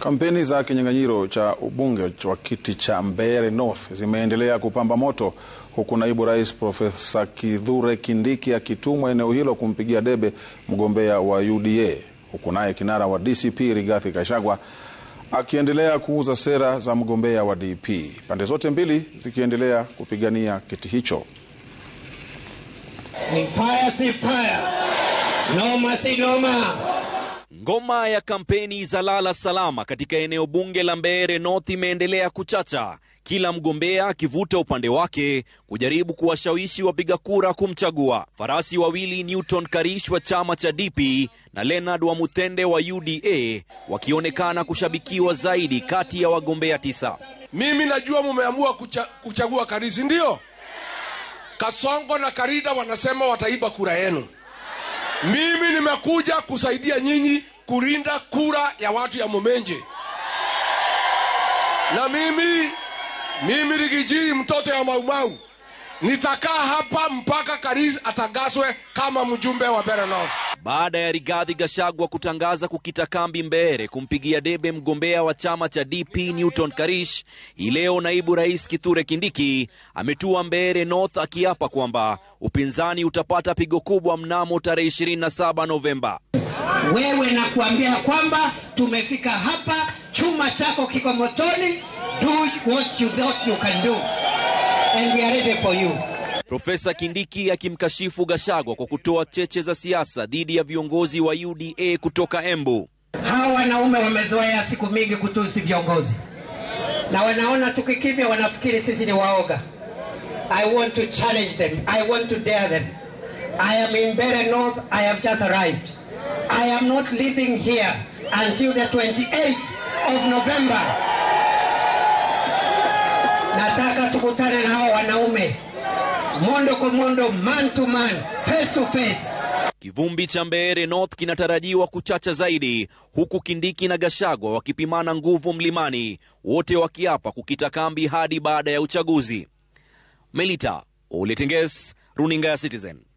Kampeni za kinyang'anyiro cha ubunge wa kiti cha Mbeere North zimeendelea kupamba moto huku naibu rais Profesa Kithure Kindiki akitumwa eneo hilo kumpigia debe mgombea wa UDA huku naye kinara wa DCP Rigathi Gachagua akiendelea kuuza sera za mgombea wa DP, pande zote mbili zikiendelea kupigania kiti hicho. Ni fire si fire, noma si noma. Ngoma ya kampeni za lala salama katika eneo bunge la Mbeere North imeendelea kuchacha, kila mgombea akivuta upande wake kujaribu kuwashawishi wapiga kura kumchagua. Farasi wawili Newton Karish wa chama cha DP na Leonard Wamuthende wa UDA wakionekana kushabikiwa zaidi kati ya wagombea tisa. Mimi najua mumeamua kucha, kuchagua Karish, ndio Kasongo na Karida wanasema wataiba kura yenu. Mimi nimekuja kusaidia nyinyi kulinda kura ya watu ya Momenje, na mimi mimi Rigiji mtoto ya Maumau nitakaa hapa mpaka Karis atangazwe kama mjumbe wa Beranof baada ya Rigathi Gachagua kutangaza kukita kambi Mbeere kumpigia debe mgombea wa chama cha DP Newton Karish, ileo naibu rais Kithure Kindiki ametua Mbeere North akiapa kwamba upinzani utapata pigo kubwa mnamo tarehe 27 Novemba. Wewe nakuambia kwamba tumefika hapa, chuma chako kiko motoni, do what you thought you can do and we are ready for you. Profesa Kindiki akimkashifu Gashagwa kwa kutoa cheche za siasa dhidi ya viongozi wa UDA kutoka Embu. Hawa wanaume wamezoea siku mingi kutusi viongozi na wanaona tukikimya wanafikiri sisi ni waoga. I want to challenge them. I want to dare them. I am in Mbeere North. I have just arrived. I am not leaving here until the 28th of November. Nataka tukutane na hao wanaume mondo kwa mondo, man to man, face to face. Kivumbi cha Mbeere North kinatarajiwa kuchacha zaidi, huku Kindiki na gashagwa wakipimana nguvu mlimani, wote wakiapa kukita kambi hadi baada ya uchaguzi. Melita Oletenges, runinga ya Citizen.